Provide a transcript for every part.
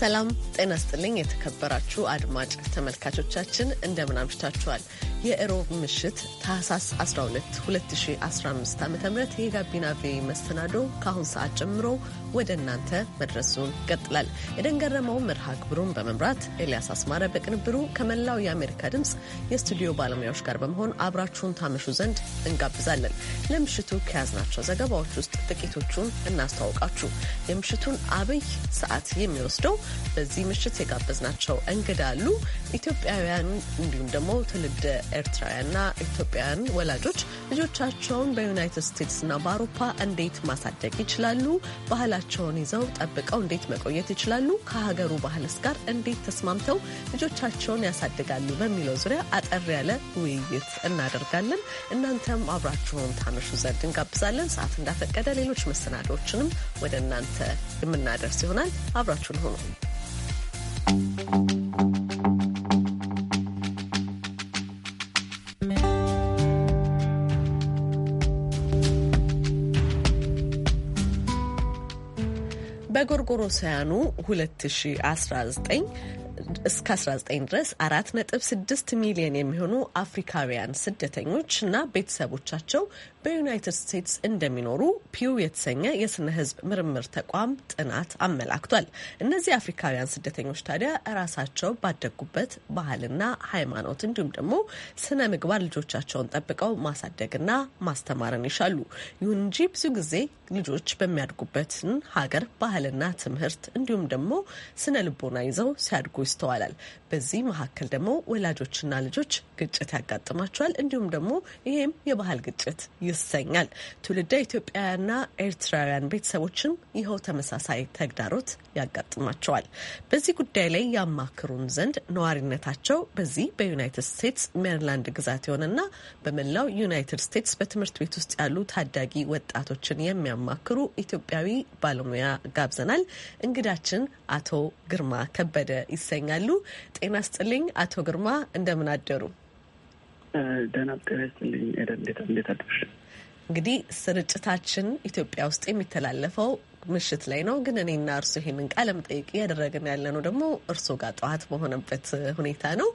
ሰላም ጤና ስጥልኝ። የተከበራችሁ አድማጭ ተመልካቾቻችን እንደምን አምሽታችኋል? የእሮብ ምሽት ታህሳስ 12 2015 ዓ ም የጋቢና ቪ መሰናዶ ከአሁን ሰዓት ጀምሮ ወደ እናንተ መድረሱን ይቀጥላል። የደንገረመው መርሃ ግብሩን በመምራት ኤልያስ አስማረ፣ በቅንብሩ ከመላው የአሜሪካ ድምፅ የስቱዲዮ ባለሙያዎች ጋር በመሆን አብራችሁን ታመሹ ዘንድ እንጋብዛለን። ለምሽቱ ከያዝናቸው ዘገባዎች ውስጥ ጥቂቶቹን እናስተዋውቃችሁ። የምሽቱን አብይ ሰዓት የሚወስደው በዚህ ምሽት የጋበዝናቸው እንግዳ አሉ። ኢትዮጵያውያን እንዲሁም ደግሞ ትውልደ ኤርትራውያንና ኢትዮጵያውያን ወላጆች ልጆቻቸውን በዩናይትድ ስቴትስና በአውሮፓ እንዴት ማሳደግ ይችላሉ? ባህላ ልጃቸውን ይዘው ጠብቀው እንዴት መቆየት ይችላሉ? ከሀገሩ ባህልስ ጋር እንዴት ተስማምተው ልጆቻቸውን ያሳድጋሉ? በሚለው ዙሪያ አጠር ያለ ውይይት እናደርጋለን። እናንተም አብራችሁን ታመሹ ዘንድ እንጋብዛለን። ሰዓት እንዳፈቀደ ሌሎች መሰናዶዎችንም ወደ እናንተ የምናደርስ ይሆናል። አብራችሁን ሆኑ። በጎርጎሮሳውያኑ 2019 እስከ 19 ድረስ 4.6 ሚሊዮን የሚሆኑ አፍሪካውያን ስደተኞች እና ቤተሰቦቻቸው በዩናይትድ ስቴትስ እንደሚኖሩ ፒው የተሰኘ የስነ ህዝብ ምርምር ተቋም ጥናት አመላክቷል። እነዚህ አፍሪካውያን ስደተኞች ታዲያ እራሳቸው ባደጉበት ባህልና ሃይማኖት እንዲሁም ደግሞ ስነ ምግባር ልጆቻቸውን ጠብቀው ማሳደግና ማስተማርን ይሻሉ። ይሁን እንጂ ብዙ ጊዜ ልጆች በሚያድጉበትን ሀገር ባህልና ትምህርት እንዲሁም ደግሞ ስነ ልቦና ይዘው ሲያድጉ ይስተዋላል። በዚህ መካከል ደግሞ ወላጆችና ልጆች ግጭት ያጋጥማቸዋል። እንዲሁም ደግሞ ይሄም የባህል ግጭት ይሰኛል። ትውልደ ኢትዮጵያውያንና ኤርትራውያን ቤተሰቦችም ይኸው ተመሳሳይ ተግዳሮት ያጋጥማቸዋል። በዚህ ጉዳይ ላይ ያማክሩን ዘንድ ነዋሪነታቸው በዚህ በዩናይትድ ስቴትስ ሜሪላንድ ግዛት የሆነና በመላው ዩናይትድ ስቴትስ በትምህርት ቤት ውስጥ ያሉ ታዳጊ ወጣቶችን የሚያማክሩ ኢትዮጵያዊ ባለሙያ ጋብዘናል። እንግዳችን አቶ ግርማ ከበደ ይሰኛሉ። ጤና ስጥልኝ አቶ ግርማ እንደምን አደሩ? ደህና ጤና ይስጥልኝ። እንዴት እንግዲህ ስርጭታችን ኢትዮጵያ ውስጥ የሚተላለፈው ምሽት ላይ ነው። ግን እኔና እርሱ ይሄንን ቃለ መጠይቅ እያደረግን ያለ ነው ደግሞ እርሶ ጋር ጠዋት በሆነበት ሁኔታ ነው።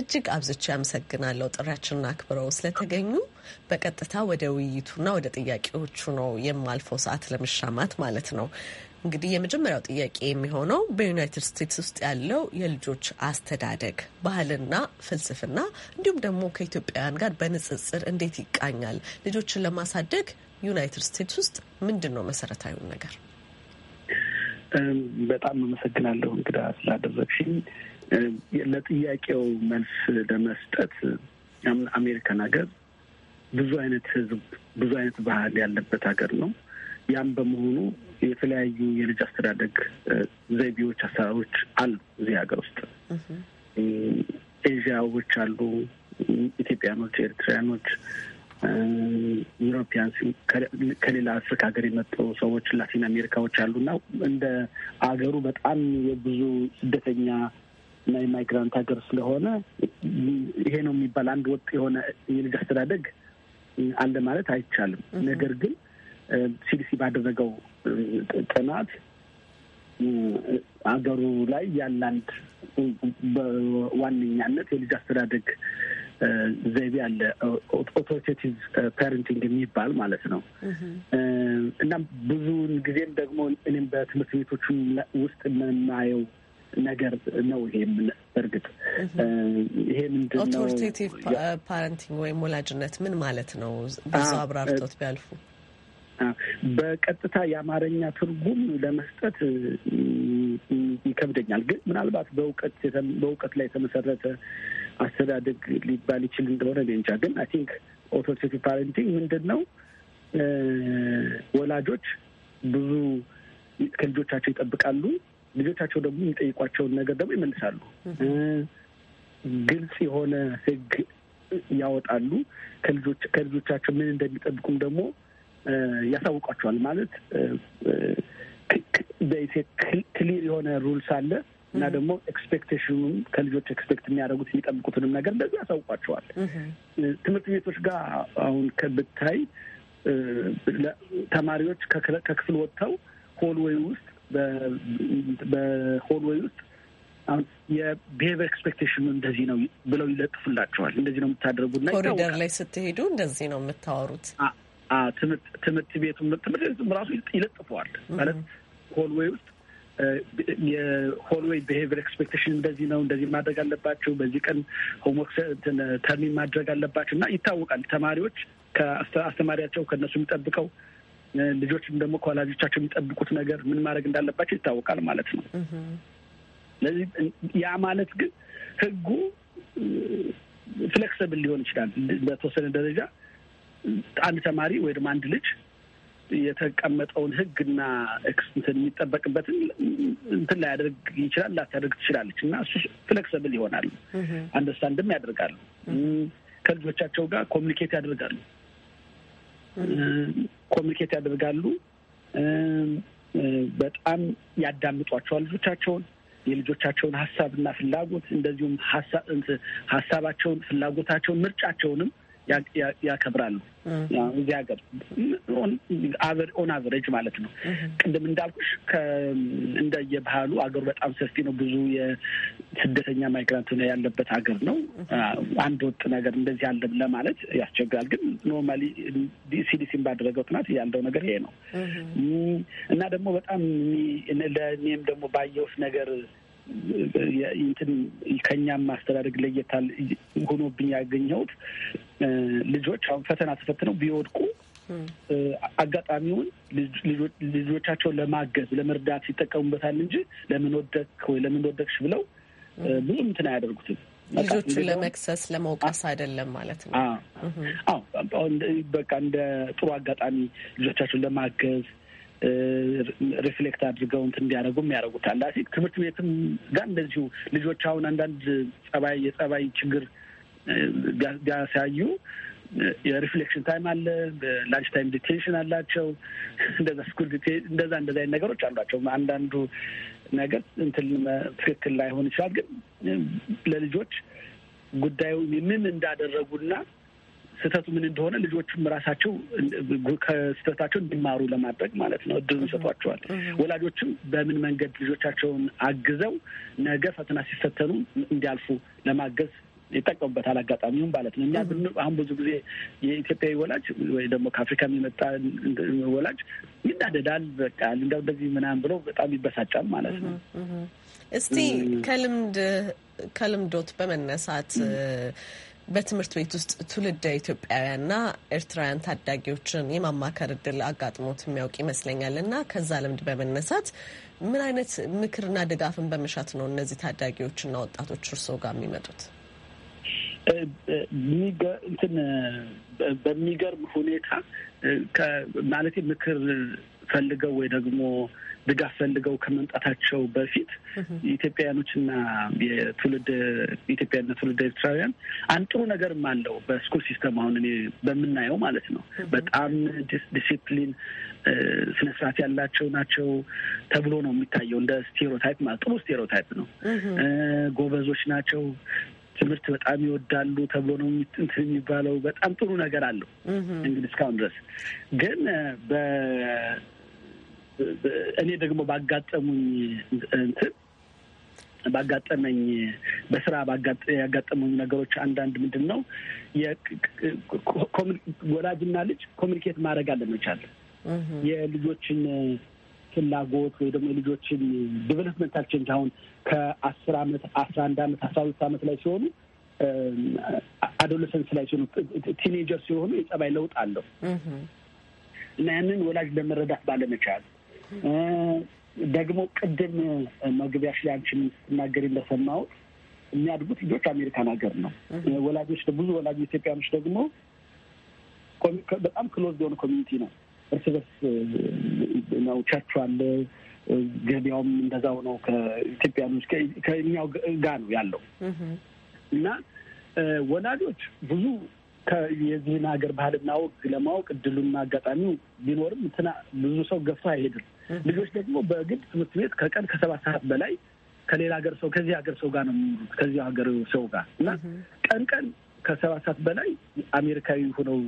እጅግ አብዝቼ አመሰግናለሁ ጥሪያችንን አክብረው ስለተገኙ። በቀጥታ ወደ ውይይቱና ወደ ጥያቄዎቹ ነው የማልፈው ሰዓት ለመሻማት ማለት ነው። እንግዲህ የመጀመሪያው ጥያቄ የሚሆነው በዩናይትድ ስቴትስ ውስጥ ያለው የልጆች አስተዳደግ ባህልና ፍልስፍና እንዲሁም ደግሞ ከኢትዮጵያውያን ጋር በንጽጽር እንዴት ይቃኛል? ልጆችን ለማሳደግ ዩናይትድ ስቴትስ ውስጥ ምንድን ነው መሰረታዊውን ነገር? በጣም አመሰግናለሁ እንግዳ ስላደረግሽኝ። ለጥያቄው መልስ ለመስጠት አሜሪካን ሀገር ብዙ አይነት ህዝብ ብዙ አይነት ባህል ያለበት ሀገር ነው። ያም በመሆኑ የተለያዩ የልጅ አስተዳደግ ዘይቤዎች፣ አሰራሮች አሉ እዚህ ሀገር ውስጥ ኤዥያዎች አሉ፣ ኢትዮጵያኖች፣ ኤርትራያኖች፣ ዩሮፒያንስ ከሌላ አፍሪካ ሀገር የመጡ ሰዎች፣ ላቲን አሜሪካዎች አሉ እና እንደ አገሩ በጣም የብዙ ስደተኛ እና የማይግራንት ሀገር ስለሆነ ይሄ ነው የሚባል አንድ ወጥ የሆነ የልጅ አስተዳደግ አለ ማለት አይቻልም። ነገር ግን ሲዲሲ ባደረገው ጥናት አገሩ ላይ ያለ አንድ በዋነኛነት የልጅ አስተዳደግ ዘይቤ ያለ ኦቶሪቴቲቭ ፓረንቲንግ የሚባል ማለት ነው። እና ብዙውን ጊዜም ደግሞ እኔም በትምህርት ቤቶቹ ውስጥ የምናየው ነገር ነው። ይሄ እርግጥ ይሄ ምንድን ነው ኦቶሪቴቲቭ ፓረንቲንግ ወይም ወላጅነት ምን ማለት ነው? ብዙ አብራርቶት ቢያልፉ በቀጥታ የአማርኛ ትርጉም ለመስጠት ይከብደኛል። ግን ምናልባት በእውቀት በእውቀት ላይ የተመሰረተ አስተዳደግ ሊባል ይችል እንደሆነ እንጃ። ግን አይ ቲንክ ፓረንቲንግ ምንድን ነው? ወላጆች ብዙ ከልጆቻቸው ይጠብቃሉ። ልጆቻቸው ደግሞ የሚጠይቋቸውን ነገር ደግሞ ይመልሳሉ። ግልጽ የሆነ ህግ ያወጣሉ። ከልጆቻቸው ምን እንደሚጠብቁም ደግሞ ያሳውቋቸዋል። ማለት ክሊር የሆነ ሩልስ አለ እና ደግሞ ኤክስፔክቴሽኑም ከልጆች ኤክስፔክት የሚያደርጉት የሚጠብቁትንም ነገር እንደዚህ ያሳውቋቸዋል። ትምህርት ቤቶች ጋር አሁን ከብታይ ተማሪዎች ከክፍል ወጥተው ሆልዌይ ውስጥ በሆልዌይ ውስጥ የቢሄቪር ኤክስፔክቴሽኑ እንደዚህ ነው ብለው ይለጥፉላቸዋል። እንደዚህ ነው የምታደርጉት፣ ኮሪደር ላይ ስትሄዱ እንደዚህ ነው የምታወሩት። ትምህርት ቤቱም ትምህርት ቤቱም ራሱ ይለጥፈዋል ማለት ሆልዌይ ውስጥ የሆልዌይ ብሄቪር ኤክስፔክቴሽን እንደዚህ ነው፣ እንደዚህ ማድረግ አለባቸው፣ በዚህ ቀን ሆምወርክ ተርሚን ማድረግ አለባቸው እና ይታወቃል። ተማሪዎች ከአስተማሪያቸው ከእነሱ የሚጠብቀው ልጆችም ደግሞ ከወላጆቻቸው የሚጠብቁት ነገር ምን ማድረግ እንዳለባቸው ይታወቃል ማለት ነው። ስለዚህ ያ ማለት ግን ህጉ ፍሌክስብል ሊሆን ይችላል በተወሰነ ደረጃ አንድ ተማሪ ወይ ደግሞ አንድ ልጅ የተቀመጠውን ህግና እንትን የሚጠበቅበትን እንትን ላያደርግ ይችላል፣ ላታደርግ ትችላለች እና እሱ ፍሌክስብል ይሆናሉ፣ አንደርስታንድም ያደርጋሉ፣ ከልጆቻቸው ጋር ኮሚኒኬት ያደርጋሉ ኮሚኒኬት ያደርጋሉ። በጣም ያዳምጧቸዋል ልጆቻቸውን የልጆቻቸውን ሀሳብና ፍላጎት እንደዚሁም ሀሳባቸውን፣ ፍላጎታቸውን፣ ምርጫቸውንም ያከብራሉ። እዚህ ሀገር ኦን አቨሬጅ ማለት ነው። ቅድም እንዳልኩሽ እንደየባህሉ አገሩ በጣም ሰፊ ነው። ብዙ የስደተኛ ማይግራንት ያለበት ሀገር ነው። አንድ ወጥ ነገር እንደዚህ አለ ለማለት ያስቸግራል። ግን ኖርማሊ ሲዲሲን ባደረገው ጥናት ያለው ነገር ይሄ ነው እና ደግሞ በጣም ለእኔም ደግሞ ባየሁት ነገር እንትን ከእኛም ማስተዳደግ ለየታል ሆኖብኝ ያገኘሁት ልጆች አሁን ፈተና ተፈትነው ቢወድቁ አጋጣሚውን ልጆቻቸውን ለማገዝ ለመርዳት ይጠቀሙበታል እንጂ ለምን ወደክ ወይ ለምን ወደቅሽ ብለው ብዙ እንትን አያደርጉትም። ልጆቹ ለመክሰስ ለመውቀስ አይደለም ማለት ነው። አዎ በቃ እንደ ጥሩ አጋጣሚ ልጆቻቸውን ለማገዝ ሪፍሌክት አድርገው እንትን እንዲያደርጉም ያደርጉታል። አይ ትምህርት ቤትም ጋር እንደዚሁ ልጆች አሁን አንዳንድ ጸባይ የጸባይ ችግር ቢያሳዩ የሪፍሌክሽን ታይም አለ፣ ላንች ታይም ዲቴንሽን አላቸው። እንደዛ ስኩል እንደዛ እንደዛ አይነት ነገሮች አሏቸው። አንዳንዱ ነገር እንትን ትክክል ላይሆን ይችላል፣ ግን ለልጆች ጉዳዩ ምን እንዳደረጉና ስህተቱ ምን እንደሆነ ልጆቹም ራሳቸው ከስህተታቸው እንዲማሩ ለማድረግ ማለት ነው እድሉን ይሰጧቸዋል። ወላጆችም በምን መንገድ ልጆቻቸውን አግዘው ነገ ፈተና ሲፈተኑ እንዲያልፉ ለማገዝ ይጠቀሙበታል አጋጣሚውም ማለት ነው። እኛ አሁን ብዙ ጊዜ የኢትዮጵያዊ ወላጅ ወይ ደግሞ ከአፍሪካ የሚመጣ ወላጅ ይናደዳል። በቃ እንደው እንደዚህ ምናምን ብለው በጣም ይበሳጫል ማለት ነው። እስቲ ከልምድ ከልምዶት በመነሳት በትምህርት ቤት ውስጥ ትውልደ ኢትዮጵያውያንና ኤርትራውያን ታዳጊዎችን የማማከር እድል አጋጥሞት የሚያውቅ ይመስለኛል እና ከዛ ልምድ በመነሳት ምን አይነት ምክርና ድጋፍን በመሻት ነው እነዚህ ታዳጊዎችና ወጣቶች እርስዎ ጋር የሚመጡት? እንትን በሚገርም ሁኔታ ማለት ምክር ፈልገው ወይ ደግሞ ድጋፍ ፈልገው ከመምጣታቸው በፊት ኢትዮጵያውያኖችና የትውልድ ኢትዮጵያና ትውልድ ኤርትራውያን አንድ ጥሩ ነገርም አለው በስኩል ሲስተም አሁን እኔ በምናየው ማለት ነው። በጣም ዲሲፕሊን ስነስርዓት ያላቸው ናቸው ተብሎ ነው የሚታየው። እንደ ስቴሮታይፕ ማለት ጥሩ ስቴሮታይፕ ነው። ጎበዞች ናቸው ትምህርት በጣም ይወዳሉ ተብሎ ነው እንትን የሚባለው። በጣም ጥሩ ነገር አለው እንግዲህ እስካሁን ድረስ ግን እኔ ደግሞ ባጋጠሙኝ እንትን ባጋጠመኝ በስራ ያጋጠሙኝ ነገሮች አንዳንድ ምንድን ነው ወላጅና ልጅ ኮሚኒኬት ማድረግ አለመቻል የልጆችን ፍላጎት ወይ ደግሞ የልጆችን ዲቨሎፕመንታል ቼንጅ አሁን ከአስር አመት አስራ አንድ አመት አስራ ሁለት አመት ላይ ሲሆኑ አዶለሰንስ ላይ ሲሆኑ ቲኔጀር ሲሆኑ የጸባይ ለውጥ አለው እና ያንን ወላጅ ለመረዳት ባለመቻል ደግሞ ቅድም መግቢያሽ ላይ አንቺ ስትናገሪ እንደሰማሁት የሚያድጉት ልጆች አሜሪካን ሀገር ነው። ወላጆች ብዙ ወላጆች ኢትዮጵያኖች ደግሞ በጣም ክሎዝ የሆነ ኮሚኒቲ ነው። እርስ በርስ ነው። ቸርቹ አለ፣ ገበያውም እንደዛው ነው። ከኢትዮጵያኖች ከእኛው ጋር ነው ያለው እና ወላጆች ብዙ የዚህን ሀገር ባህልና ወግ ለማወቅ እድሉና አጋጣሚው ቢኖርም ትና ብዙ ሰው ገፍቶ አይሄድም። ልጆች ደግሞ በግድ ትምህርት ቤት ከቀን ከሰባት ሰዓት በላይ ከሌላ ሀገር ሰው ከዚህ ሀገር ሰው ጋር ነው የሚውሉት ከዚህ ሀገር ሰው ጋር እና ቀን ቀን ከሰባት ሰዓት በላይ አሜሪካዊ ሆነው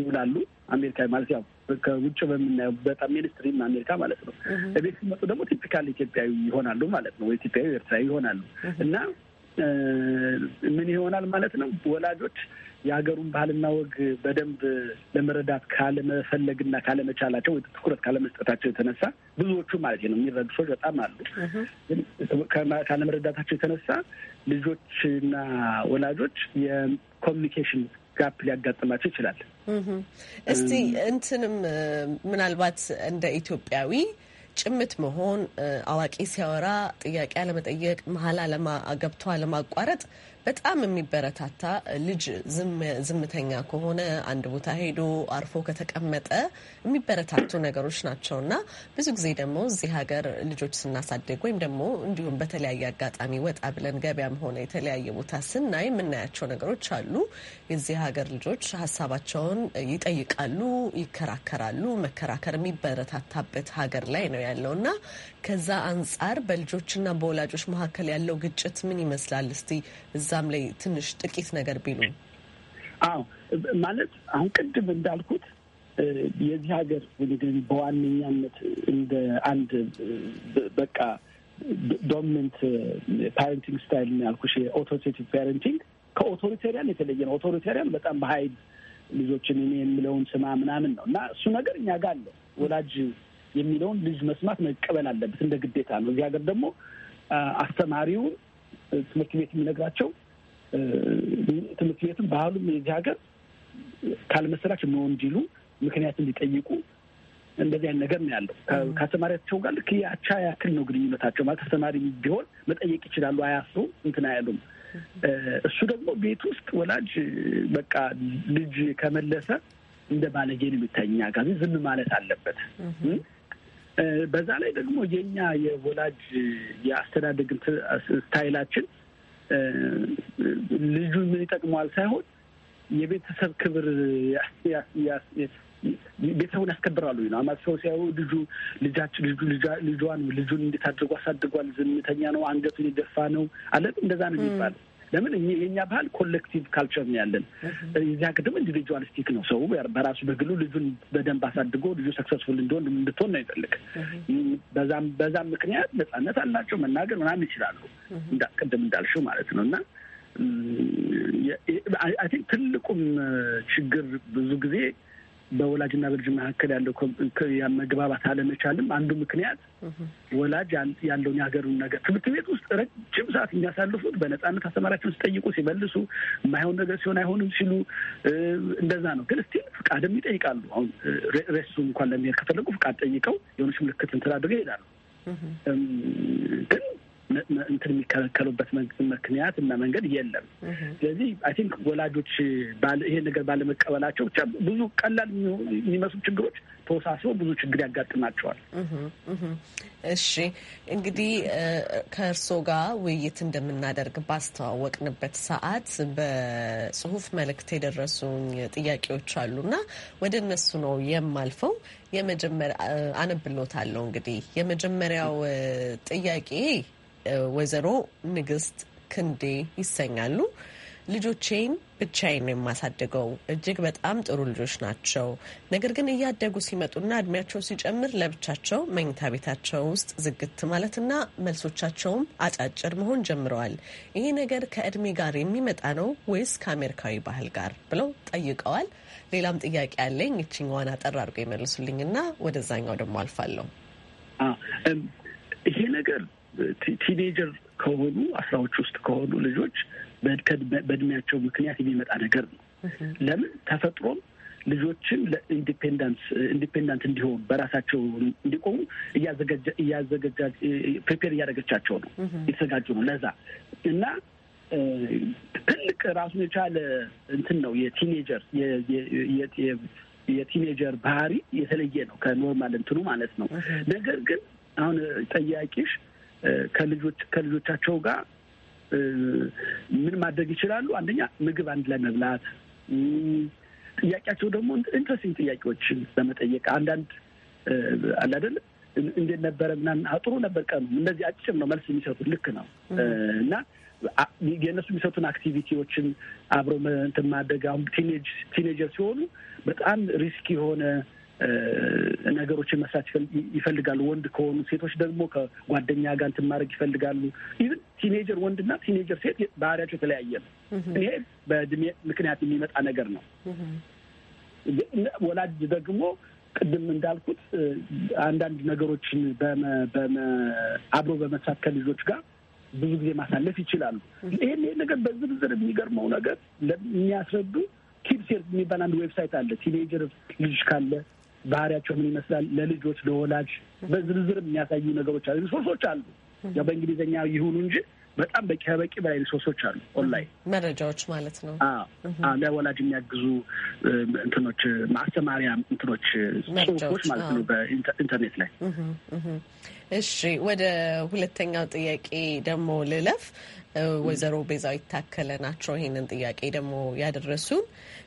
ይውላሉ። አሜሪካዊ ማለት ያው ከውጭ በምናየው በጣም ሜንስትሪም አሜሪካ ማለት ነው። እቤት ሲመጡ ደግሞ ቲፒካል ኢትዮጵያዊ ይሆናሉ ማለት ነው፣ ወይ ኢትዮጵያዊ ኤርትራዊ ይሆናሉ እና ምን ይሆናል ማለት ነው ወላጆች የሀገሩን ባህልና ወግ በደንብ ለመረዳት ካለመፈለግና ካለመቻላቸው ትኩረት ካለመስጠታቸው የተነሳ ብዙዎቹ ማለት ነው የሚረዱ ሰዎች በጣም አሉ። ካለመረዳታቸው የተነሳ ልጆችና ወላጆች የኮሚኒኬሽን ጋፕ ሊያጋጥማቸው ይችላል። እስቲ እንትንም ምናልባት እንደ ኢትዮጵያዊ ጭምት መሆን አዋቂ ሲያወራ ጥያቄ አለመጠየቅ፣ መሀል ገብቶ አለማቋረጥ በጣም የሚበረታታ ልጅ ዝምተኛ ከሆነ አንድ ቦታ ሄዶ አርፎ ከተቀመጠ የሚበረታቱ ነገሮች ናቸው እና ብዙ ጊዜ ደግሞ እዚህ ሀገር ልጆች ስናሳድግ ወይም ደግሞ እንዲሁም በተለያየ አጋጣሚ ወጣ ብለን ገበያም ሆነ የተለያየ ቦታ ስናይ የምናያቸው ነገሮች አሉ። የዚህ ሀገር ልጆች ሀሳባቸውን ይጠይቃሉ፣ ይከራከራሉ። መከራከር የሚበረታታበት ሀገር ላይ ነው ያለው እና ከዛ አንጻር በልጆችና በወላጆች መካከል ያለው ግጭት ምን ይመስላል? እስቲ እዛ እዛም ላይ ትንሽ ጥቂት ነገር ቢሉ። አዎ ማለት አሁን ቅድም እንዳልኩት የዚህ ሀገር እንግዲህ በዋነኛነት እንደ አንድ በቃ ዶሚነንት ፓረንቲንግ ስታይል ነው ያልኩሽ። የኦቶሪቴቲቭ ፓረንቲንግ ከኦቶሪቴሪያን የተለየ ነው። ኦቶሪቴሪያን በጣም በሀይል ልጆችን እኔ የሚለውን ስማ ምናምን ነው እና እሱ ነገር እኛ ጋር አለ። ወላጅ የሚለውን ልጅ መስማት መቀበል አለበት እንደ ግዴታ ነው። እዚህ ሀገር ደግሞ አስተማሪው ትምህርት ቤት የሚነግራቸው ትምህርት ቤትም ባህሉም የዚህ ሀገር ካልመሰላች ነው እንዲሉ ምክንያት እንዲጠይቁ እንደዚህ አይነት ነገር ነው ያለው። ከአስተማሪያቸው ጋር ልክ አቻ ያክል ነው ግንኙነታቸው። ማለት አስተማሪ ቢሆን መጠየቅ ይችላሉ፣ አያፍሩም፣ እንትን አያሉም። እሱ ደግሞ ቤት ውስጥ ወላጅ በቃ ልጅ ከመለሰ እንደ ባለጌ ነው የሚታኛ ጋዜ ዝም ማለት አለበት። በዛ ላይ ደግሞ የኛ የወላጅ የአስተዳደግ ስታይላችን ልጁ ምን ይጠቅመዋል ሳይሆን የቤተሰብ ክብር ቤተሰቡን ያስከብራሉ ነው አማ ሰው ሲያዩ ልጁ ልጃች ልጁ ልጇን ልጁን እንዴት አድርጎ አሳድጓል፣ ዝምተኛ ነው፣ አንገቱን የደፋ ነው አለ እንደዛ ነው የሚባለው። ለምን የእኛ ባህል ኮሌክቲቭ ካልቸር ነው ያለን። እዚያ ቅድም ኢንዲቪጁዋሊስቲክ ነው። ሰው በራሱ በግሉ ልጁን በደንብ አሳድጎ ልጁ ሰክሰስፉል እንዲሆን እንድትሆን ነው ይፈልግ። በዛም በዛም ምክንያት ነጻነት አላቸው መናገር ምናምን ይችላሉ፣ ቅድም እንዳልሽው ማለት ነው እና አይ ቲንክ ትልቁም ችግር ብዙ ጊዜ በወላጅና በልጅ መካከል ያለው መግባባት አለመቻልም አንዱ ምክንያት ወላጅ ያለውን የሀገሩን ነገር ትምህርት ቤት ውስጥ ረጅም ሰዓት የሚያሳልፉት በነፃነት አስተማሪያቸውን ሲጠይቁ ሲመልሱ፣ የማይሆን ነገር ሲሆን አይሆንም ሲሉ እንደዛ ነው። ግን እስቲ ፍቃድም ይጠይቃሉ። አሁን ሬሱ እንኳን ለመሄድ ከፈለጉ ፍቃድ ጠይቀው የሆነች ምልክት እንትን አድርገው ይሄዳሉ። ግን እንትን የሚከለከሉበት ምክንያት እና መንገድ የለም። ስለዚህ አይ ቲንክ ወላጆች ይሄ ነገር ባለመቀበላቸው ብቻ ብዙ ቀላል የሚመስሉ ችግሮች ተወሳስበው ብዙ ችግር ያጋጥማቸዋል። እሺ እንግዲህ ከእርስዎ ጋር ውይይት እንደምናደርግ ባስተዋወቅንበት ሰዓት በጽሁፍ መልእክት የደረሱኝ ጥያቄዎች አሉና ወደ እነሱ ነው የማልፈው። የመጀመሪያ አነብሎታለሁ። እንግዲህ የመጀመሪያው ጥያቄ ወይዘሮ ንግስት ክንዴ ይሰኛሉ። ልጆቼን ብቻዬን ነው የማሳድገው። እጅግ በጣም ጥሩ ልጆች ናቸው። ነገር ግን እያደጉ ሲመጡና እድሜያቸው ሲጨምር ለብቻቸው መኝታ ቤታቸው ውስጥ ዝግት ማለትና መልሶቻቸውም አጫጭር መሆን ጀምረዋል። ይሄ ነገር ከእድሜ ጋር የሚመጣ ነው ወይስ ከአሜሪካዊ ባህል ጋር ብለው ጠይቀዋል። ሌላም ጥያቄ አለኝ። ይችኛዋን አጠር አድርጎ ይመልሱልኝና ወደዛኛው ደግሞ አልፋለሁ። ይሄ ነገር ቲኔጀር ከሆኑ አስራዎች ውስጥ ከሆኑ ልጆች በእድሜያቸው ምክንያት የሚመጣ ነገር ነው። ለምን ተፈጥሮም ልጆችን ለኢንዲፔንዳንስ ኢንዲፔንዳንት እንዲሆኑ በራሳቸው እንዲቆሙ እያዘገጃ እያዘገጃ ፕሪፔር እያደረገቻቸው ነው የተዘጋጁ ነው ለዛ እና ትልቅ ራሱን የቻለ እንትን ነው የቲኔጀር የቲኔጀር ባህሪ የተለየ ነው ከኖርማል እንትኑ ማለት ነው። ነገር ግን አሁን ጠያቂሽ ከልጆች ከልጆቻቸው ጋር ምን ማድረግ ይችላሉ? አንደኛ ምግብ አንድ ላይ መብላት፣ ጥያቄያቸው ደግሞ ኢንትረስቲንግ ጥያቄዎችን ለመጠየቅ አንዳንድ አለ አይደል እንዴት ነበረ ምናምን አጥሩ ነበር ቀኑ እንደዚህ አጭር ነው መልስ የሚሰጡት ልክ ነው እና የእነሱ የሚሰጡን አክቲቪቲዎችን አብሮ እንትን ማድረግ አሁን ቲኔጀር ሲሆኑ በጣም ሪስክ የሆነ ነገሮችን መስራት ይፈልጋሉ። ወንድ ከሆኑ ሴቶች ደግሞ ከጓደኛ ጋር እንትን ማድረግ ይፈልጋሉ። ኢቭን ቲኔጀር ወንድና ቲኔጀር ሴት ባህሪያቸው የተለያየ ነው። ይሄ በእድሜ ምክንያት የሚመጣ ነገር ነው። ወላጅ ደግሞ ቅድም እንዳልኩት አንዳንድ ነገሮችን አብሮ በመስራት ከልጆች ጋር ብዙ ጊዜ ማሳለፍ ይችላሉ። ይህን ነገር በዝርዝር የሚገርመው ነገር የሚያስረዱ ኪድስ የሚባል አንድ ዌብሳይት አለ። ቲኔጀር ልጅ ካለ ባህሪያቸው ምን ይመስላል ለልጆች ለወላጅ በዝርዝር የሚያሳዩ ነገሮች አሉ፣ ሪሶርሶች አሉ። ያው በእንግሊዝኛ ይሁኑ እንጂ በጣም በቂ ከበቂ በላይ ሪሶርሶች አሉ። ኦንላይን መረጃዎች ማለት ነው። ለወላጅ የሚያግዙ እንትኖች፣ ማስተማሪያ እንትኖች፣ ጽሁፎች ማለት ነው በኢንተርኔት ላይ እሺ ወደ ሁለተኛው ጥያቄ ደግሞ ልለፍ። ወይዘሮ ቤዛው ይታከለ ናቸው ይህንን ጥያቄ ደግሞ ያደረሱን።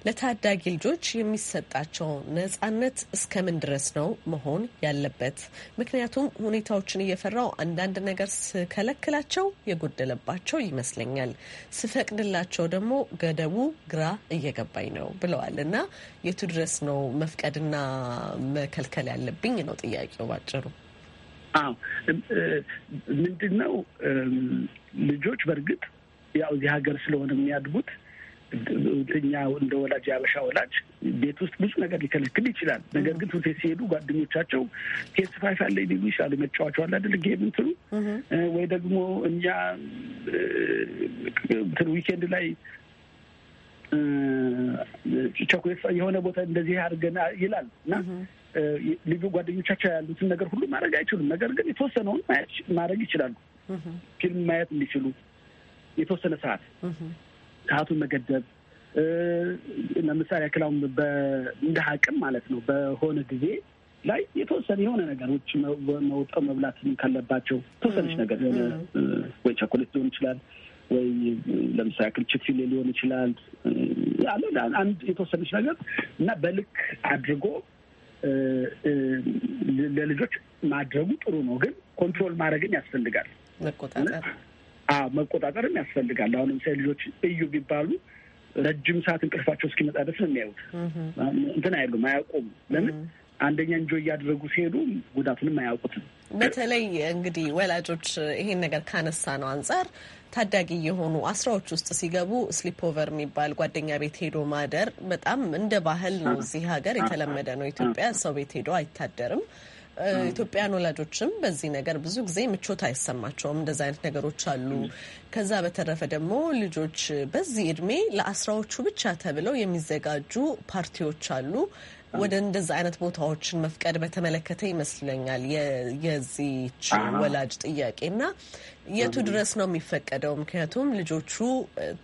ለታዳጊ ልጆች የሚሰጣቸው ነጻነት እስከምን ድረስ ነው መሆን ያለበት? ምክንያቱም ሁኔታዎችን እየፈራው አንዳንድ ነገር ስከለክላቸው የጎደለባቸው ይመስለኛል፣ ስፈቅድላቸው ደግሞ ገደቡ ግራ እየገባኝ ነው ብለዋል እና የቱ ድረስ ነው መፍቀድና መከልከል ያለብኝ ነው ጥያቄው ባጭሩ። አዎ ምንድን ነው ልጆች በእርግጥ ያው እዚህ ሀገር ስለሆነ የሚያድጉት እኛ እንደ ወላጅ የአበሻ ወላጅ ቤት ውስጥ ብዙ ነገር ሊከለክል ይችላል። ነገር ግን ትምህርት ሲሄዱ ጓደኞቻቸው ኬስ ፋይፍ አለ ሊሉ ይችላሉ። መጫወቻው አለ አይደል ጌም እንትኑ ወይ ደግሞ እኛ እንትን ዊኬንድ ላይ ቸኮሌት የሆነ ቦታ እንደዚህ አድርገን ይላል እና ልዩ ጓደኞቻቸው ያሉትን ነገር ሁሉ ማድረግ አይችሉም። ነገር ግን የተወሰነውን ማድረግ ይችላሉ። ፊልም ማየት እንዲችሉ የተወሰነ ሰዓት ሰዓቱን መገደብ ለምሳሌ ያክላውን እንደ አቅም ማለት ነው በሆነ ጊዜ ላይ የተወሰነ የሆነ ነገሮች መውጣው መብላት ካለባቸው የተወሰነች ነገር የሆነ ወይ ቸኮሌት ሊሆን ይችላል ወይ ለምሳሌ ያክል ችፕሲሌ ሊሆን ይችላል አለ አንድ የተወሰነች ነገር እና በልክ አድርጎ ለልጆች ማድረጉ ጥሩ ነው፣ ግን ኮንትሮል ማድረግን ያስፈልጋል። መቆጣጠርም ያስፈልጋል። አሁን ለምሳሌ ልጆች እዩ ቢባሉ ረጅም ሰዓት እንቅልፋቸው እስኪመጣ ድረስ ነው የሚያዩት። እንትን አይሉም፣ አያውቁም። ለምን አንደኛ እንጆ እያደረጉ ሲሄዱ ጉዳቱንም አያውቁትም። በተለይ እንግዲህ ወላጆች ይሄን ነገር ካነሳ ነው አንጻር ታዳጊ የሆኑ አስራዎች ውስጥ ሲገቡ ስሊፖቨር የሚባል ጓደኛ ቤት ሄዶ ማደር በጣም እንደ ባህል ነው። እዚህ ሀገር የተለመደ ነው። ኢትዮጵያ ሰው ቤት ሄዶ አይታደርም። ኢትዮጵያን ወላጆችም በዚህ ነገር ብዙ ጊዜ ምቾት አይሰማቸውም። እንደዚ አይነት ነገሮች አሉ። ከዛ በተረፈ ደግሞ ልጆች በዚህ እድሜ ለአስራዎቹ ብቻ ተብለው የሚዘጋጁ ፓርቲዎች አሉ። ወደ እንደዚ አይነት ቦታዎችን መፍቀድ በተመለከተ ይመስለኛል የዚች ወላጅ ጥያቄ እና የቱ ድረስ ነው የሚፈቀደው? ምክንያቱም ልጆቹ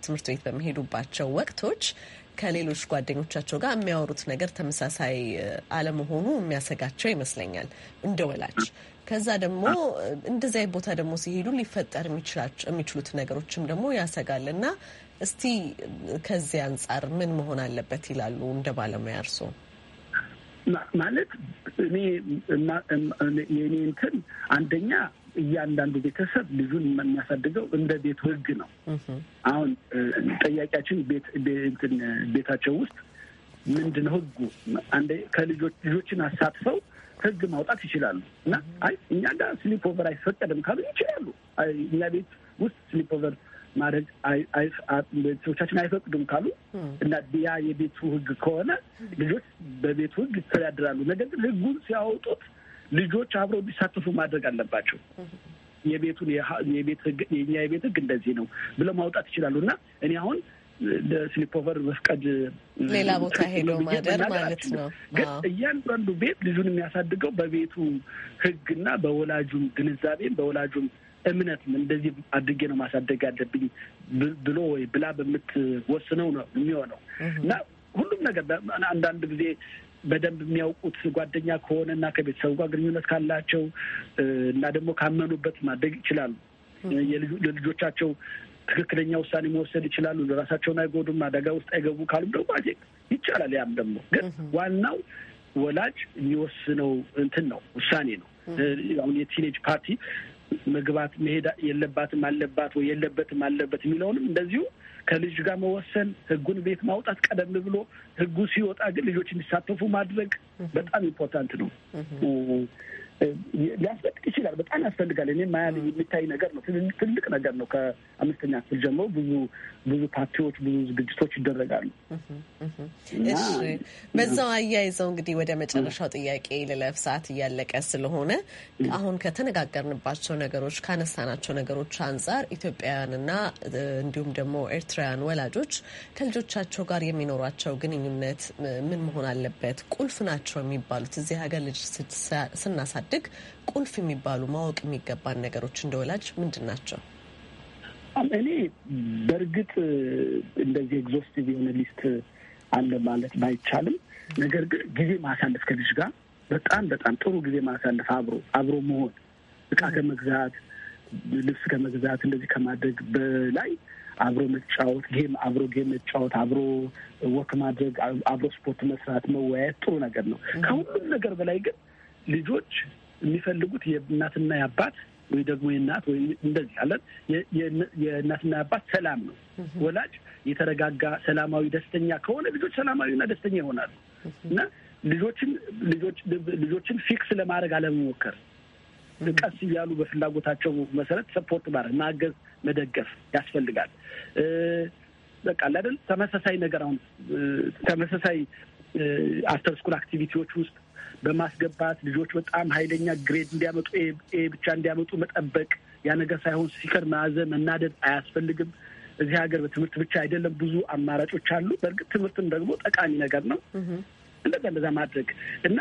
ትምህርት ቤት በሚሄዱባቸው ወቅቶች ከሌሎች ጓደኞቻቸው ጋር የሚያወሩት ነገር ተመሳሳይ አለመሆኑ የሚያሰጋቸው ይመስለኛል እንደ ወላጅ። ከዛ ደግሞ እንደዚያ ቦታ ደግሞ ሲሄዱ ሊፈጠር የሚችሉት ነገሮችም ደግሞ ያሰጋል እና እስቲ ከዚህ አንጻር ምን መሆን አለበት ይላሉ እንደ ባለሙያ እርስዎ? ማለት እኔ የእኔ እንትን አንደኛ እያንዳንዱ ቤተሰብ ልጁን የሚያሳድገው እንደ ቤቱ ህግ ነው። አሁን ጠያቂያችን ቤታቸው ውስጥ ምንድን ነው ሕጉ? ከልጆች ልጆችን አሳትፈው ህግ ማውጣት ይችላሉ እና አይ እኛ ጋር ስሊፕ ኦቨር አይፈቀድም ካሉ ይችላሉ። እኛ ቤት ውስጥ ስሊፕ ኦቨር ማድረግ ቤተሰቦቻችን አይፈቅዱም ካሉ እና ያ የቤቱ ህግ ከሆነ ልጆች በቤቱ ህግ ይተዳድራሉ። ነገር ግን ህጉን ሲያወጡት ልጆች አብረው እንዲሳተፉ ማድረግ አለባቸው። የቤቱን የቤት ህግ የኛ የቤት ህግ እንደዚህ ነው ብለው ማውጣት ይችላሉ እና እኔ አሁን ለስሊፖቨር መፍቀድ ሌላ ቦታ ሄዶ ማደር ማለት ነው። ግን እያንዳንዱ ቤት ልጁን የሚያሳድገው በቤቱ ህግና በወላጁም ግንዛቤም በወላጁም እምነት እንደዚህ አድርጌ ነው ማሳደግ ያለብኝ ብሎ ወይ ብላ በምትወስነው ነው የሚሆነው እና ሁሉም ነገር አንዳንድ ጊዜ በደንብ የሚያውቁት ጓደኛ ከሆነ እና ከቤተሰቡ ጋር ግንኙነት ካላቸው እና ደግሞ ካመኑበት ማድረግ ይችላሉ። ለልጆቻቸው ትክክለኛ ውሳኔ መወሰድ ይችላሉ። ለራሳቸውን አይጎዱም፣ አደጋ ውስጥ አይገቡ ካሉ ደግሞ ይቻላል። ያም ደግሞ ግን ዋናው ወላጅ የሚወስነው እንትን ነው፣ ውሳኔ ነው። አሁን የቲኔጅ ፓርቲ መግባት መሄድ የለባትም አለባት ወይ የለበትም አለበት የሚለውንም እንደዚሁ ከልጅ ጋር መወሰን፣ ህጉን ቤት ማውጣት ቀደም ብሎ ህጉ ሲወጣ ግን ልጆች እንዲሳተፉ ማድረግ በጣም ኢምፖርታንት ነው። ሊያስለቅቅ ይችላል። በጣም ያስፈልጋል። እኔ ማያ የሚታይ ነገር ነው። ትልቅ ነገር ነው። ከአምስተኛ ክፍል ጀምሮ ብዙ ብዙ ፓርቲዎች፣ ብዙ ዝግጅቶች ይደረጋሉ። እሺ፣ በዛው አያይዘው እንግዲህ ወደ መጨረሻው ጥያቄ ልለፍ። ሰዓት እያለቀ ስለሆነ አሁን ከተነጋገርንባቸው ነገሮች ካነሳናቸው ነገሮች አንጻር ኢትዮጵያውያንና እንዲሁም ደግሞ ኤርትራውያን ወላጆች ከልጆቻቸው ጋር የሚኖሯቸው ግንኙነት ምን መሆን አለበት? ቁልፍ ናቸው የሚባሉት እዚህ ሀገር ልጅ ስናሳ ስናሳድግ ቁልፍ የሚባሉ ማወቅ የሚገባን ነገሮች እንደወላጅ ምንድን ናቸው? እኔ በእርግጥ እንደዚህ ኤግዞስቲቭ የሆነ ሊስት አለ ማለት ባይቻልም፣ ነገር ግን ጊዜ ማሳለፍ ከልጅ ጋር በጣም በጣም ጥሩ ጊዜ ማሳለፍ፣ አብሮ አብሮ መሆን፣ እቃ ከመግዛት ልብስ ከመግዛት እንደዚህ ከማድረግ በላይ አብሮ መጫወት፣ ጌም አብሮ ጌም መጫወት፣ አብሮ ወክ ማድረግ፣ አብሮ ስፖርት መስራት፣ መወያየት ጥሩ ነገር ነው። ከሁሉም ነገር በላይ ግን ልጆች የሚፈልጉት የእናትና የአባት ወይ ደግሞ የእናት ወይ እንደዚህ አለን የእናትና የአባት ሰላም ነው። ወላጅ የተረጋጋ ሰላማዊ፣ ደስተኛ ከሆነ ልጆች ሰላማዊና ደስተኛ ይሆናሉ እና ልጆችን ልጆች ልጆችን ፊክስ ለማድረግ አለመሞከር ቀስ እያሉ በፍላጎታቸው መሰረት ሰፖርት ማድረግ ማገዝ፣ መደገፍ ያስፈልጋል። በቃ አይደል ተመሳሳይ ነገር አሁን ተመሳሳይ አፍተር ስኩል አክቲቪቲዎች ውስጥ በማስገባት ልጆች በጣም ኃይለኛ ግሬድ እንዲያመጡ ኤ ብቻ እንዲያመጡ መጠበቅ፣ ያ ነገር ሳይሆን ሲከር መያዘን መናደድ አያስፈልግም። እዚህ ሀገር በትምህርት ብቻ አይደለም ብዙ አማራጮች አሉ። በእርግጥ ትምህርትም ደግሞ ጠቃሚ ነገር ነው። እንደዛ እንደዛ ማድረግ እና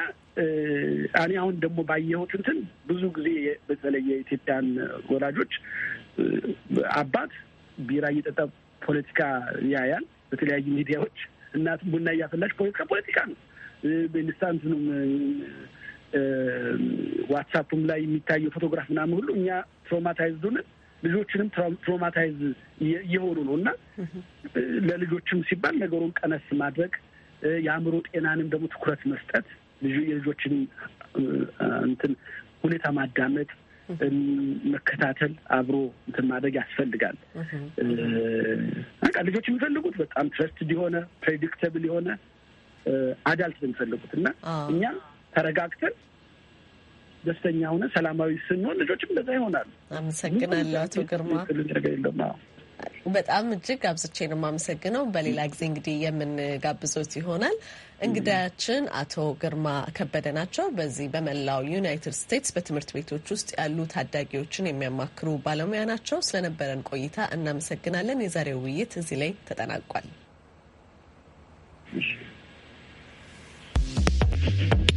እኔ አሁን ደግሞ ባየሁት እንትን ብዙ ጊዜ በተለይ የኢትዮጵያን ወላጆች አባት ቢራ እየጠጣ ፖለቲካ ያያል በተለያዩ ሚዲያዎች፣ እናት ቡና እያፈላች ፖለቲካ ፖለቲካ ነው በኢንስታንትንም ዋትሳፕም ላይ የሚታየው ፎቶግራፍ ምናምን ሁሉ እኛ ትራውማታይዝድ ሆነን ልጆችንም ትራውማታይዝ እየሆኑ ነው እና ለልጆችም ሲባል ነገሩን ቀነስ ማድረግ የአእምሮ ጤናንም ደግሞ ትኩረት መስጠት የልጆችን እንትን ሁኔታ ማዳመጥ መከታተል አብሮ እንትን ማድረግ ያስፈልጋል። በቃ ልጆች የሚፈልጉት በጣም ትረስትድ የሆነ ፕሬዲክተብል የሆነ አዳልት ነው የሚፈልጉት እና እኛም ተረጋግተን ደስተኛ ሆነ ሰላማዊ ስንሆን ልጆችም እንደዛ ይሆናሉ። አመሰግናለሁ አቶ ግርማ። በጣም እጅግ አብዝቼ ነው የማመሰግነው። በሌላ ጊዜ እንግዲህ የምንጋብዞት ይሆናል። እንግዳችን አቶ ግርማ ከበደ ናቸው። በዚህ በመላው ዩናይትድ ስቴትስ በትምህርት ቤቶች ውስጥ ያሉ ታዳጊዎችን የሚያማክሩ ባለሙያ ናቸው። ስለነበረን ቆይታ እናመሰግናለን። የዛሬው ውይይት እዚህ ላይ ተጠናቋል። Thank you.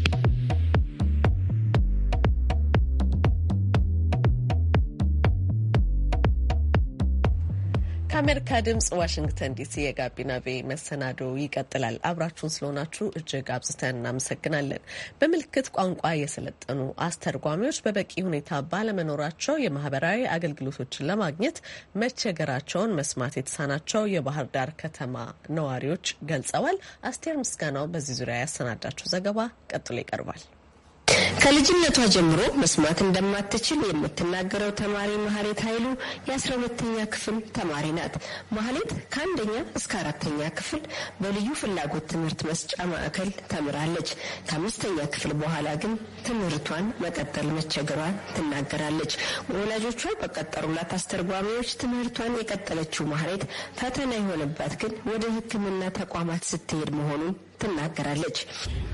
ከአሜሪካ ድምጽ ዋሽንግተን ዲሲ የጋቢና ቤ መሰናዶ ይቀጥላል። አብራችሁን ስለሆናችሁ እጅግ አብዝተን እናመሰግናለን። በምልክት ቋንቋ የሰለጠኑ አስተርጓሚዎች በበቂ ሁኔታ ባለመኖራቸው የማህበራዊ አገልግሎቶችን ለማግኘት መቸገራቸውን መስማት የተሳናቸው የባህር ዳር ከተማ ነዋሪዎች ገልጸዋል። አስቴር ምስጋናው በዚህ ዙሪያ ያሰናዳቸው ዘገባ ቀጥሎ ይቀርባል። ከልጅነቷ ጀምሮ መስማት እንደማትችል የምትናገረው ተማሪ ማህሌት ኃይሉ የአስራ ሁለተኛ ክፍል ተማሪ ናት። ማህሌት ከአንደኛ እስከ አራተኛ ክፍል በልዩ ፍላጎት ትምህርት መስጫ ማዕከል ተምራለች። ከአምስተኛ ክፍል በኋላ ግን ትምህርቷን መቀጠል መቸገሯን ትናገራለች። ወላጆቿ በቀጠሩላት አስተርጓሚዎች ትምህርቷን የቀጠለችው ማህሌት ፈተና የሆነባት ግን ወደ ሕክምና ተቋማት ስትሄድ መሆኑን ትናገራለች።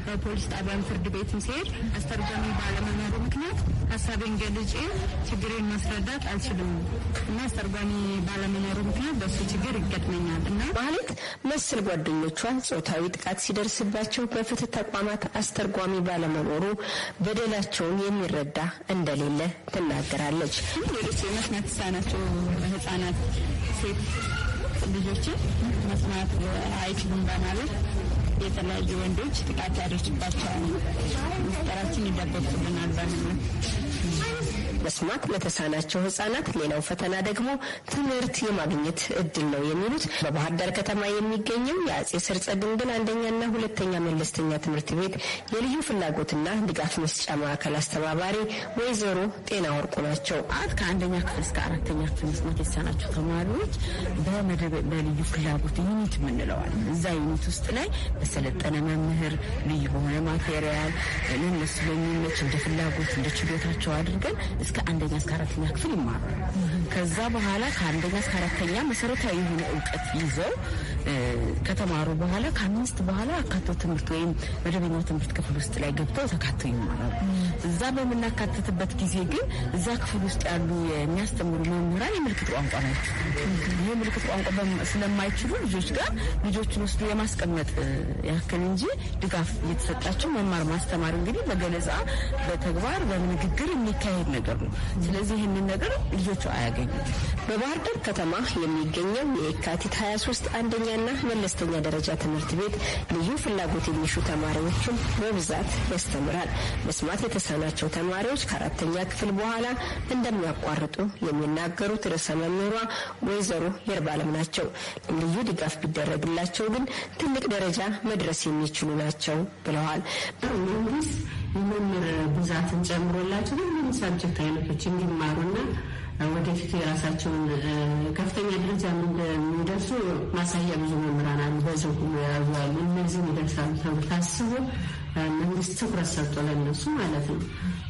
በፖሊስ ጣቢያን ፍርድ ቤትም ሲሄድ አስተርጓሚ ባለመኖሩ ምክንያት ሀሳቤን ገልጬ ችግሬን ማስረዳት አልችልም እና አስተርጓሚ ባለመኖሩ ምክንያት በሱ ችግር ይገጥመኛል እና ማለት መሰል ጓደኞቿ ጾታዊ ጥቃት ሲደርስባቸው በፍትህ ተቋማት አስተርጓሚ ባለመኖሩ በደላቸውን የሚረዳ እንደሌለ ትናገራለች። ሌሎች የመስማት የተሳናቸው ህጻናት ሴት ልጆችን መስማት አይችሉም በማለት የተለያዩ ወንዶች ጥቃት ያደርሱባቸዋል። ምስጢራችን ይደበቅብናል በህመም መስማት ለተሳናቸው ህጻናት ሌላው ፈተና ደግሞ ትምህርት የማግኘት እድል ነው የሚሉት በባህር ዳር ከተማ የሚገኘው የአጼ ሰርጸ ድንግል አንደኛና ሁለተኛ መለስተኛ ትምህርት ቤት የልዩ ፍላጎትና ድጋፍ መስጫ ማዕከል አስተባባሪ ወይዘሮ ጤና ወርቁ ናቸው። አት ከአንደኛ ክፍል እስከ አራተኛ ክፍል መስማት የተሳናቸው ተማሪዎች በመደብ በልዩ ፍላጎት ዩኒት ምንለዋል። እዛ ዩኒት ውስጥ ላይ በሰለጠነ መምህር ልዩ በሆነ ማቴሪያል ለነሱ በሚመች እንደ ፍላጎት እንደ ችሎታቸው አድርገን እስከ አንደኛ እስከ አራተኛ ክፍል ይማራል። ከዛ በኋላ ከአንደኛ እስከ አራተኛ መሰረታዊ የሆነ እውቀት ይዘው ከተማሩ በኋላ ከአምስት በኋላ አካቶ ትምህርት ወይም መደበኛ ትምህርት ክፍል ውስጥ ላይ ገብተው ተካቶ ይማራሉ። እዛ በምናካተትበት ጊዜ ግን እዛ ክፍል ውስጥ ያሉ የሚያስተምሩ መምህራን የምልክት ቋንቋ ናቸው። ይህ ምልክት ቋንቋ ስለማይችሉ ልጆች ጋር ልጆችን ወስዶ የማስቀመጥ ያክል እንጂ ድጋፍ እየተሰጣቸው መማር ማስተማር እንግዲህ በገለጻ በተግባር በንግግር የሚካሄድ ነገር ነው። ስለዚህ ይህንን ነገር ልጆቹ አያገኙም። በባህር ዳር ከተማ የሚገኘው የካቲት 23 አንደኛ አንደኛና መለስተኛ ደረጃ ትምህርት ቤት ልዩ ፍላጎት የሚሹ ተማሪዎችን በብዛት ያስተምራል። መስማት የተሳናቸው ተማሪዎች ከአራተኛ ክፍል በኋላ እንደሚያቋርጡ የሚናገሩት ርዕሰ መምህሯ ወይዘሮ የርባለም ናቸው። ልዩ ድጋፍ ቢደረግላቸው ግን ትልቅ ደረጃ መድረስ የሚችሉ ናቸው ብለዋል። በመንግስት የመምህር ብዛትን ጨምሮላቸው ሁሉም ሳብጀክት አይነቶች እንዲማሩና ወደፊት የራሳቸውን ከፍተኛ ደረጃ እንደሚደርሱ ማሳያ ብዙ መምህራን አሉ። በዘው የያዙ አሉ። እነዚህም ይደርሳሉ ተብሎ ታስቦ መንግስት ትኩረት ሰጥቶ ለነሱ ማለት ነው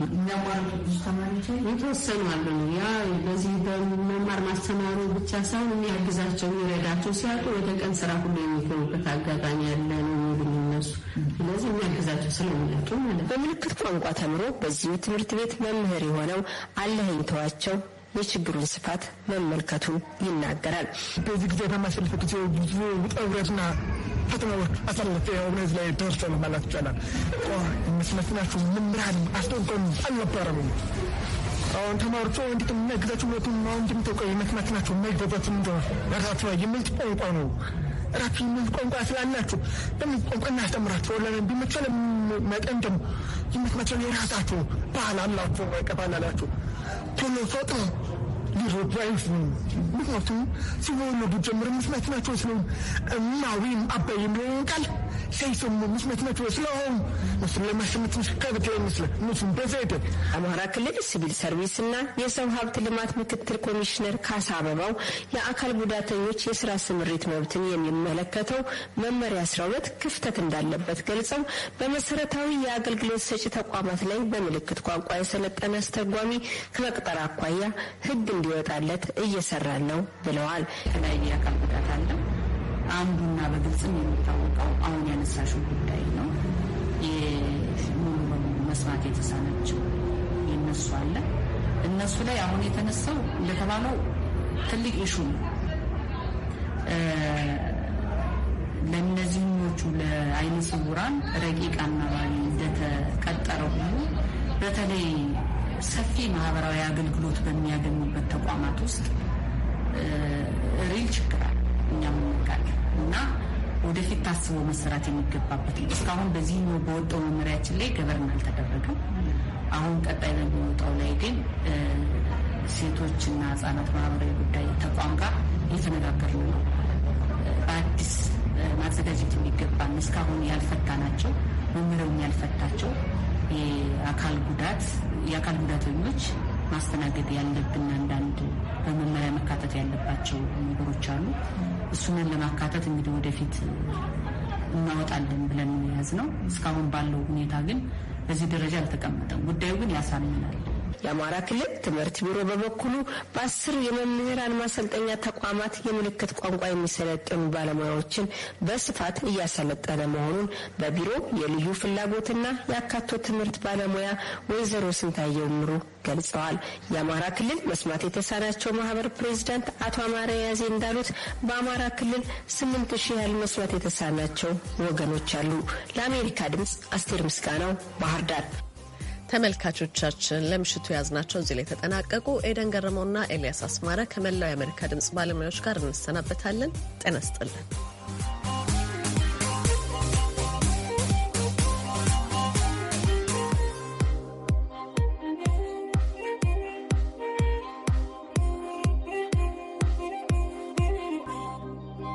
የሚያማርጡ ብዙ ተማሪዎች የተወሰኑ አሉ ያ በዚህ በመማር ማስተማሩ ብቻ ሳይሆን የሚያግዛቸው የሚረዳቸው ሲያጡ ወደ ቀን ስራ ሁሉ የሚገቡበት አጋጣሚ ያለ ነው የሚሉ እነሱ ስለዚህ የሚያግዛቸው ስለሚያጡ ማለት ነው። በምልክት ቋንቋ ተምሮ በዚሁ ትምህርት ቤት መምህር የሆነው አለኸኝ ተዋቸው የችግሩን ስፋት መመልከቱን ይናገራል። በዚህ ጊዜ በማሰልፍ ጊዜ ብዙ ውጣውረድና ፈተናዎች አሳልፌ እውነት ላይ ደርሰን ማለት ይቻላል። መስመስናችሁ ምምራን አስደንቆም አልነበረም። አሁን ተማሪዎቹ እንዴት የማይገዛችሁ ሁለቱም አሁን እንደምታውቀው የመስማት ናቸው የማይገዛችሁ እንደ ራሱ የምልት ቋንቋ ነው። ራሱ የምልት ቋንቋ ስላላችሁ በምን ቋንቋ እናስተምራቸው ቢመቸለም መጠን ደግሞ የምትመቸው የራሳቸው ባህል አላችሁ፣ ቀባል አላቸው ቶሎ ፈጥኖ ሊረዱ ምክንያቱም ሲወለዱ ጀምር ምስማት ናቸው ስለሆን እማ ወይም አባ የሚለውን ቃል አማራ ክልል ሲቪል ሰርቪስና የሰው ሀብት ልማት ምክትል ኮሚሽነር ካሳ አበባው የአካል ጉዳተኞች የስራ ስምሪት መብትን የሚመለከተው መመሪያ አስራ ሁለት ክፍተት እንዳለበት ገልጸው በመሰረታዊ የአገልግሎት ሰጪ ተቋማት ላይ በምልክት ቋንቋ የሰለጠነ አስተርጓሚ ከመቅጠር አኳያ ሕግ እንዲወጣለት እየሰራ ነው ብለዋል። የተለያየ አካል ጉዳት አለው አንዱና በግልጽም የሚታወቀው አሁን ያነሳሽው ጉዳይ ነው። ሙሉ በሙሉ መስማት የተሳናቸው የነሱ አለ። እነሱ ላይ አሁን የተነሳው እንደተባለው ትልቅ ኢሹ ነው። ለእነዚህኞቹ ለአይነ ስውራን ረቂቅ አናባቢ እንደተቀጠረው ሁሉ በተለይ ሰፊ ማህበራዊ አገልግሎት በሚያገኙበት ተቋማት ውስጥ ሪል ችግር እኛም እንወዳለን እና ወደፊት ታስቦ መሰራት የሚገባበት ነው። እስካሁን ነው በወጣው መመሪያችን ላይ ገበርን አልተደረገም። አሁን ቀጣይ በሚወጣው ላይ ግን ሴቶችና ህጻናት ማህበራዊ ጉዳይ ተቋም ጋር እየተነጋገርን ነው። በአዲስ ማዘጋጀት የሚገባን እስካሁን ያልፈታ ናቸው መመሪያውን ያልፈታቸው የአካል ጉዳት የአካል ጉዳተኞች ማስተናገድ ያለብን አንዳንድ በመመሪያ መካተት ያለባቸው ነገሮች አሉ። እሱንን ለማካተት እንግዲህ ወደፊት እናወጣለን ብለን ነው። እስካሁን ባለው ሁኔታ ግን በዚህ ደረጃ አልተቀመጠም። ጉዳዩ ግን ያሳምናል። የአማራ ክልል ትምህርት ቢሮ በበኩሉ በአስር የመምህራን ማሰልጠኛ ተቋማት የምልክት ቋንቋ የሚሰለጥኑ ባለሙያዎችን በስፋት እያሰለጠነ መሆኑን በቢሮ የልዩ ፍላጎትና የአካቶ ትምህርት ባለሙያ ወይዘሮ ስንታየው ምሩ ገልጸዋል። የአማራ ክልል መስማት የተሳናቸው ማህበር ፕሬዚዳንት አቶ አማረ ያዜ እንዳሉት በአማራ ክልል ስምንት ሺህ ያህል መስማት የተሳናቸው ወገኖች አሉ። ለአሜሪካ ድምጽ አስቴር ምስጋናው ባህር ዳር ተመልካቾቻችን ለምሽቱ ያዝናቸው እዚህ ላይ ተጠናቀቁ። ኤደን ገረመውና ኤልያስ አስማረ ከመላው የአሜሪካ ድምፅ ባለሙያዎች ጋር እንሰናበታለን። ጤና ይስጥልን።